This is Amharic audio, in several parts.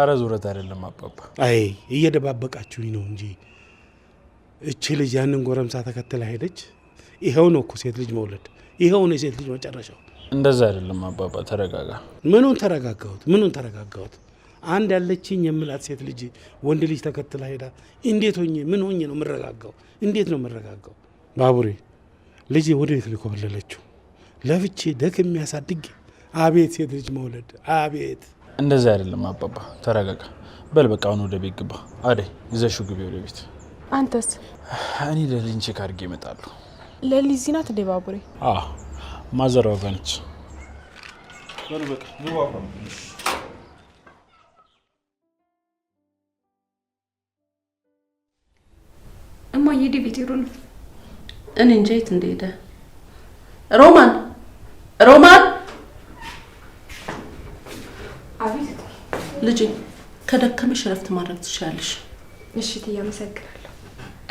አረ ዙረት አይደለም አባባ። አይ እየደባበቃችሁኝ ነው እንጂ እቺ ልጅ ያንን ጎረምሳ ተከትላ ሄደች። ይኸው ነው እኮ ሴት ልጅ መውለድ፣ ይኸው ነው የሴት ልጅ መጨረሻው። እንደዛ አይደለም አባባ፣ ተረጋጋ። ምኑን ተረጋጋሁት? ምኑን ተረጋጋሁት? አንድ ያለችኝ የምላት ሴት ልጅ ወንድ ልጅ ተከትላ ሄዳ እንዴት ሆኜ ምን ሆኜ ነው የምረጋጋው? እንዴት ነው የምረጋጋው? ባቡሬ ልጅ ወደት ልኮበለለችው? ለፍቼ ደክ የሚያሳድግ አቤት ሴት ልጅ መውለድ አቤት እንደዚህ አይደለም አባባ፣ ተረጋጋ። በል በቃ አሁን ወደ ቤት ግባ። አደይ ይዘሹ ግቢ ወደ ቤት። አንተስ? እኔ ለሊን ቼክ አድርጌ እመጣለሁ። ለሊ እዚህ ናት እንዴ? ባቡሬ ማዘር ዋጋ ነች። በሉ በቃ ግባ። እማዬ ሂድ ቤት ሄዱ ነው። እኔ እንጃ የት እንደሄደ ሮማን ሮማን ልጅ ከደከመሽ እረፍት ማድረግ ትችላለሽ። እሺ እትዬ አመሰግናለሁ።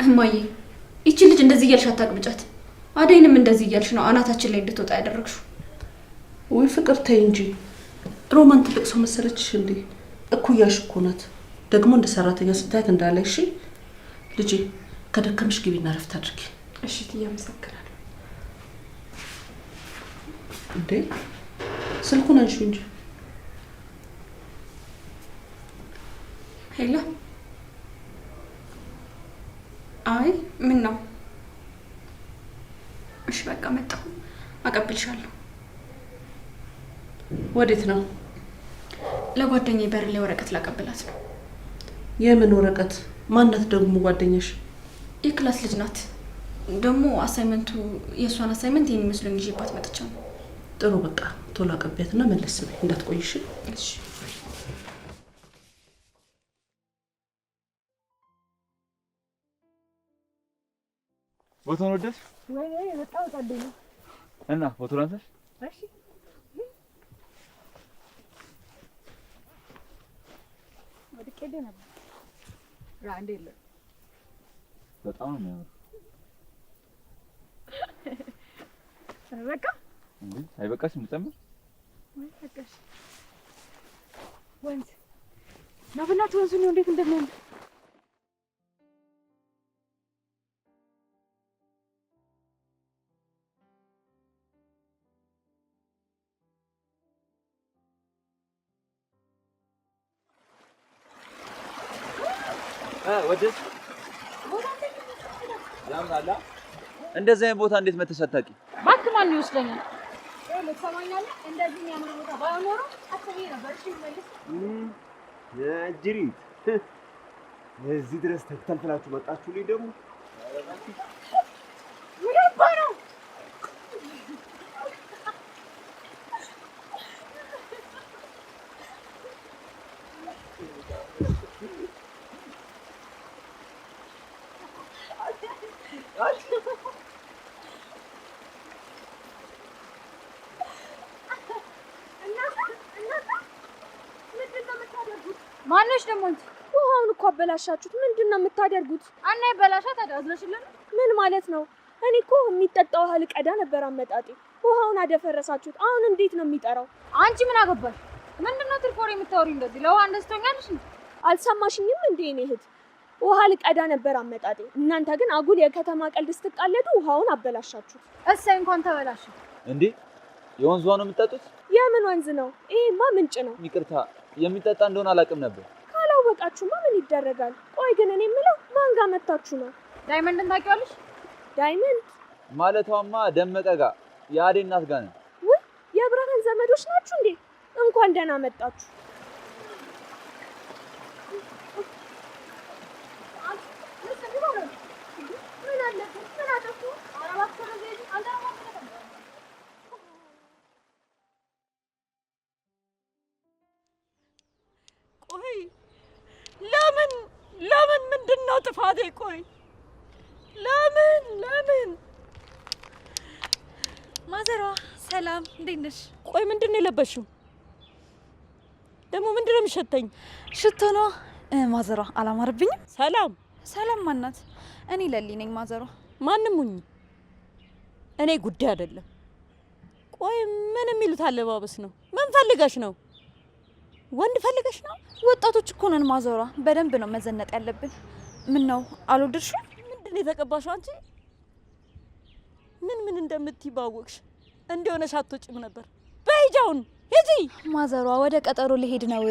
እማዬ ይቺ ልጅ እንደዚህ እያልሽ አታቅብጫት። አደይንም እንደዚህ እያልሽ ነው አናታችን ላይ እንድትወጣ ያደረግሽው። ውይ ፍቅር ተይ እንጂ ሮማን ትልቅ ሰው መሰለችሽ እንዴ? እኩያሽ እኮ ናት። ደግሞ እንደ ሰራተኛ ስታያት እንዳለሽ። ልጅ ከደከምሽ ግቢና እረፍት አድርጊ። እሺ እትዬ አመሰግናለሁ። እንዴ ስልኩን አንሺው እንጂ ሄሎ። አይ ምን ነው? እሺ በቃ መጣሁ፣ አቀብልሻለሁ። ወዴት ነው? ለጓደኛ በር ላይ ወረቀት ላቀብላት ነው። የምን ወረቀት? ማናት ደግሞ ጓደኛሽ? የክላስ ልጅ ናት። ደግሞ አሳይመንቱ የእሷን አሳይመንት ይህን ይመስሎኝ ይዤባት መጥቻ ነው። ጥሩ በቃ ቶሎ አቀቢያትና መለስ በይ እንዳትቆይሽ። እሺ ቦታውን ወደድሽ? ወይኔ በጣም ጸደኝ እና ፎቶ አንሳሽ። እሺ ወድቄ ነበር። ራ እንዴ ለ በጣም ነው የሚያምር። በቃ እንዴ አይበቃሽም? ልጨምር ወይ በቃሽ። ወንዝ ነው ብናት ወንዙ ነው እንዴት እንደሚያምር ወደድሽ? እንደዚህ አይነት ቦታ እንዴት መተሽ አታውቂም? እባክህ ማን ይወስደኛል? እንደዚህ የሚያምር ቦታ ነበር። እዚህ ድረስ ተተልፍላችሁ መጣችሁ። ልጅ ደግሞ ማነሽ ደግሞ እንጂ ውሃውን እኮ አበላሻችሁት። ምንድን ነው የምታደርጉት? አና ይበላሻ አድራዝለሽልን። ምን ማለት ነው? እኔ እኮ የሚጠጣው ውሃ ልቀዳ ነበር አመጣጤ። ውሃውን አደፈረሳችሁት። አሁን እንዴት ነው የሚጠራው? አንቺ ምን አገባሽ? ምንድን ነው ትርፎሬ የምታወሪ? እንደዚህ ለውሃ እንደስቶኛልሽ። አልሰማሽኝም እንዴ? እኔ እህት ውሃ ልቀዳ ነበር አመጣጤ። እናንተ ግን አጉል የከተማ ቀልድ ስትቃለዱ ውሃውን አበላሻችሁት። እሰይ እንኳን ተበላሽ። እንዴ የወንዝ ውሃ ነው የምጠጡት? የምን ወንዝ ነው? ይሄማ ምንጭ ነው። ይቅርታ የሚጠጣ እንደሆነ አላውቅም ነበር። ካላወቃችሁማ ምን ይደረጋል? ቆይ ግን እኔ የምለው ማን ጋር መታችሁ ነው? ዳይመንድን ታውቂዋለሽ? ዳይመንድ ማለቷማ ደመቀ ጋር የአዴ እናት ጋር ነው። ውይ የብርሃን ዘመዶች ናችሁ እንዴ? እንኳን ደህና መጣችሁ። እናቴ ቆይ ለምን ለምን ማዘሯ ሰላም እንዴት ነሽ? ቆይ ምንድን ነው የለበሽው? ደግሞ ምንድን ነው የሚሸተኝ? ሽቶ ነው ማዘሯ። አላማረብኝም? ሰላም ሰላም ማናት? እኔ ለሊ ነኝ ማዘሯ። ማንም ሁኚ እኔ ጉዳይ አይደለም። ቆይ ምን የሚሉት አለባበስ ነው? ምን ፈልገሽ ነው? ወንድ ፈልገሽ ነው? ወጣቶች እኮ ነን ማዘሯ። በደንብ ነው መዘነጥ ያለብን። ምን ነው አልወደድሽም? ምንድን ነው አንቺ ምን ምን እንደምትይ ባወቅሽ እንዲሆነሽ አትወጪም ነበር። በሂጂ አሁን ሂጂ። ማዘሯ ወደ ቀጠሮ ሊሄድ ነው።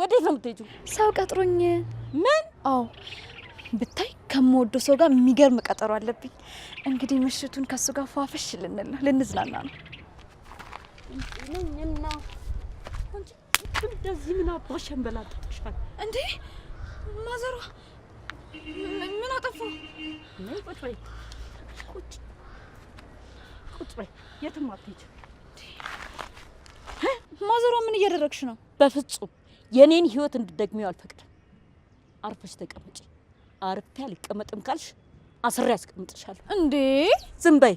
ወዴት ነው የምትሄጂው? ሰው ቀጥሮኝ። ምን? አዎ ብታይ ከምወደው ሰው ጋር የሚገርም ቀጠሮ አለብኝ። እንግዲህ ምሽቱን ከሱ ጋር ፏፈሽ ልንል ነው፣ ልንዝናና ነው። እንደዚህ ምን አባሽ አንበላጥጥሻል እንዴ ማዘሯ ምን አጠፉ? ቁጭ በይ፣ ቁጭ በይ፣ የትም አትሄጂ። ማዘሯ ምን እያደረግሽ ነው? በፍጹም የኔን ህይወት እንድትደግሚው አልፈቅድም። አርፈሽ ተቀመጪ። አርፌ አልቀመጥም ካልሽ አስሬ ያስቀምጥሻለሁ። እንዴ ዝም በይ፣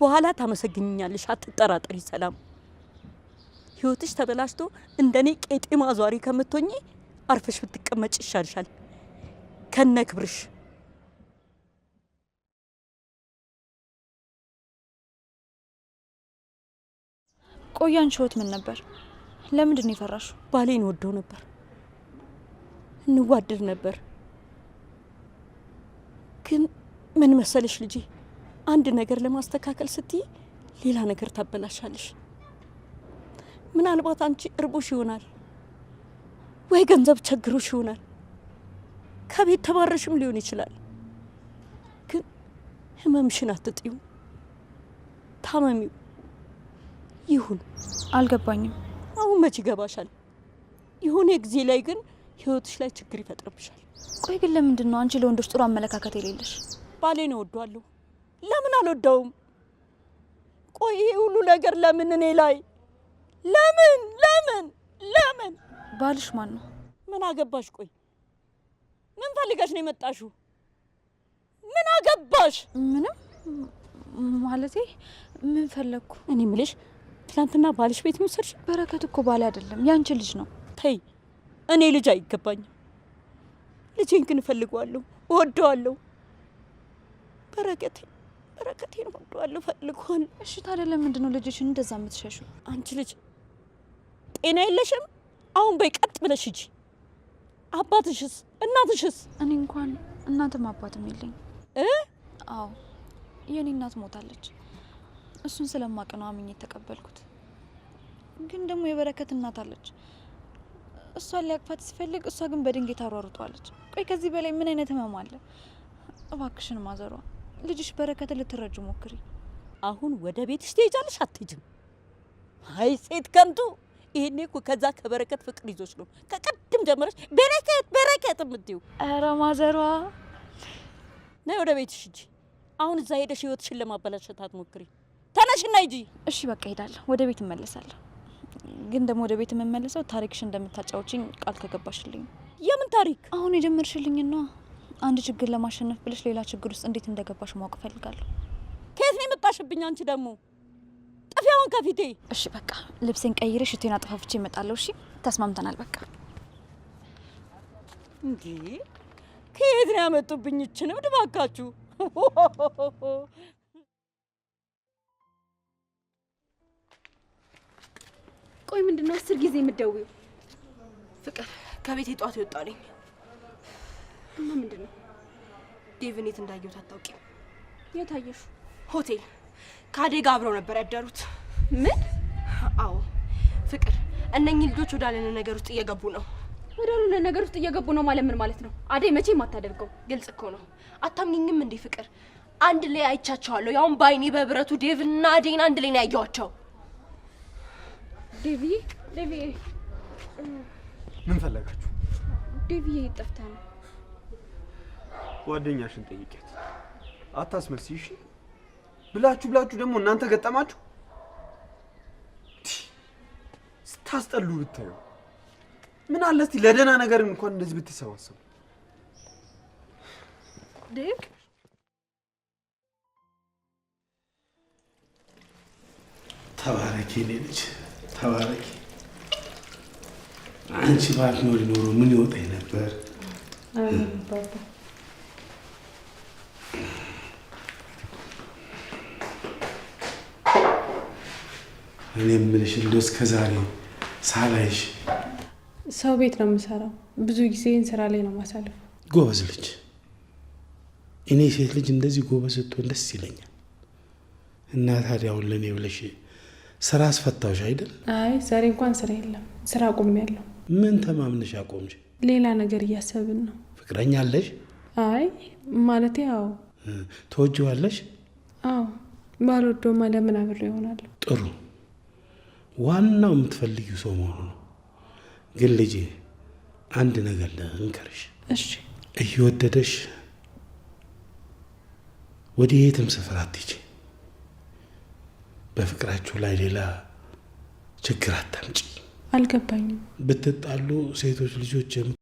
በኋላ ታመሰግኛለሽ። አትጠራጠሪ። ሰላም ህይወትሽ ተበላሽቶ እንደኔ ቄጤማ ዟሪ ከምትሆኚ አርፈሽ ብትቀመጭ ይሻልሻል። ከነ ክብርሽ ቆያን ሾት ምን ነበር? ለምንድን ነው ይፈራሽ ባሌን ወደው ነበር፣ እንዋደድ ነበር። ግን ምን መሰለሽ ልጄ፣ አንድ ነገር ለማስተካከል ስትይ ሌላ ነገር ታበላሻለሽ። ምናልባት አንቺ እርቦሽ ይሆናል ወይ ገንዘብ ቸግሮሽ ይሆናል ከቤት ተባረሽም ሊሆን ይችላል። ግን ህመምሽን አትጥዩ፣ ታመሚው ይሁን። አልገባኝም። አሁን መች ይገባሻል። የሆነ ጊዜ ላይ ግን ህይወትሽ ላይ ችግር ይፈጥርብሻል። ቆይ ግን ለምንድን ነው አንቺ ለወንዶች ጥሩ አመለካከት የሌለሽ? ባሌን እወደዋለሁ። ለምን አልወደውም? ቆይ ይሄ ሁሉ ነገር ለምን እኔ ላይ ለምን ለምን ለምን? ባልሽ ማን ነው? ምን አገባሽ? ቆይ ምን ፈልገሽ ነው የመጣሽው? ምን አገባሽ? ምንም ማለቴ ምን ፈለግኩ? እኔ ምልሽ ትናንትና ባልሽ ቤት መውሰድሽ? በረከት እኮ ባል አይደለም ያንቺ ልጅ ነው። ተይ እኔ ልጅ አይገባኝም። ልጄን ግን እፈልገዋለሁ፣ እወደዋለሁ። በረከቴ በረከቴን እወደዋለሁ፣ እፈልገዋለሁ። እሺ ታዲያ ለምንድን ነው ልጅሽን እንደዛ የምትሸሹ? አንቺ ልጅ ጤና የለሽም። አሁን በይ ቀጥ ብለሽ ሂጂ። አባትሽስ? እናትሽስ? እኔ እንኳን እናትም አባትም የለኝ። አዎ የኔ እናት ሞታለች። እሱን ስለማቅ ነው አምኜ የተቀበልኩት። ግን ደግሞ የበረከት እናት አለች። እሷን ሊያቅፋት ሲፈልግ፣ እሷ ግን በድንጋይ ታሯሩጧለች። ቆይ ከዚህ በላይ ምን አይነት ህመም አለ? እባክሽን ማዘሯ፣ ልጅሽ በረከትን ልትረጁ ሞክሪ። አሁን ወደ ቤትሽ ትሄጃለሽ አትሄጂም? አይ ሴት ከንቱ! ይሄኔ እኮ ከዛ ከበረከት ፍቅር ይዞች ነው ቅድም ጀመረች። በረከት በረከት የምትይው ኧረ ማዘሯ ነይ ወደ ቤትሽ እንጂ አሁን እዛ ሄደሽ ህይወትሽን ለማበላሸት አትሞክሪ። ተነሽና ሂጂ። እሺ በቃ ሄዳለሁ፣ ወደ ቤት እመለሳለሁ። ግን ደግሞ ወደ ቤት የምመለሰው ታሪክሽ እንደምታጫውችኝ ቃል ከገባሽልኝ። የምን ታሪክ? አሁን የጀመርሽልኝ አንድ ችግር ለማሸነፍ ብለሽ ሌላ ችግር ውስጥ እንዴት እንደገባሽ ማወቅ እፈልጋለሁ። ከየት ነው የመጣሽብኝ? አንቺ ደግሞ ጥፊ አሁን ከፊቴ። እሺ በቃ ልብሴን ቀይሬ ሽቴን አጠፋፍቼ እመጣለሁ። እሺ ተስማምተናል በቃ እንዴ ከየት ነው ያመጡብኝ? እችን እብድ ቆይ ምንድን ነው አስር ጊዜ የምትደውይው? ፍቅር ከቤት የጧት ይወጣልኝ እና ምንድን ነው ዴቭን የት እንዳየሁት አታውቂም? የት አየሽ? ሆቴል ከአዴ ጋ አብረው ነበር ያደሩት። ምን? አዎ ፍቅር፣ እነኚህ ልጆች ወዳለን ነገር ውስጥ እየገቡ ነው እዳሉ ለነገር ውስጥ እየገቡ ነው ማለት ምን ማለት ነው? አደይ መቼም አታደርገው። ግልጽ እኮ ነው። አታምኝኝም እንዴ ፍቅር? አንድ ላይ አይቻቸዋለሁ። ያውም በአይኔ በብረቱ ዴቭና አደይን አንድ ላይ ነው ያየኋቸው። ዴቪ ዴቪ፣ ምን ፈለጋችሁ? ዴቪ ጠፍታ ነው። ጓደኛሽን ጠይቄት እሺ? ብላችሁ ብላችሁ ደግሞ እናንተ ገጠማችሁ። ስታስጠሉ ብታዩ ምን አለ እስቲ ለደህና ነገር እንኳን እንደዚህ ብትሰባሰቡ። ዴክ ተባረኪ፣ እኔ ልጅ ተባረኪ። አንቺ ባትኖሪ ኖሮ ምን ይወጣኝ ነበር? እኔ የምልሽ እንደው እስከ ዛሬ ሳላይሽ ሰው ቤት ነው የምሰራው። ብዙ ጊዜን ስራ ላይ ነው ማሳለፍ። ጎበዝ ልጅ። እኔ ሴት ልጅ እንደዚህ ጎበዝ ስትሆን ደስ ይለኛል። እና ታዲያ አሁን ለእኔ ብለሽ ስራ አስፈታሽ አይደል? አይ ዛሬ እንኳን ስራ የለም። ስራ አቆሚያለሁ። ምን ተማምነሽ አቆምሽ? ሌላ ነገር እያሰብን ነው። ፍቅረኛ አለሽ? አይ ማለት ያው ተወጅዋለሽ? አዎ። ባልወደውማ ለምን አብሬ ይሆናለሁ? ጥሩ። ዋናው የምትፈልጊው ሰው መሆኑ ነው። ግን ልጄ አንድ ነገር ልንገርሽ። እሺ። እየወደደሽ ወደ የትም ስፍራ አትሄጂ። በፍቅራችሁ ላይ ሌላ ችግር አታምጪ። አልገባኝም። ብትጣሉ ሴቶች ልጆች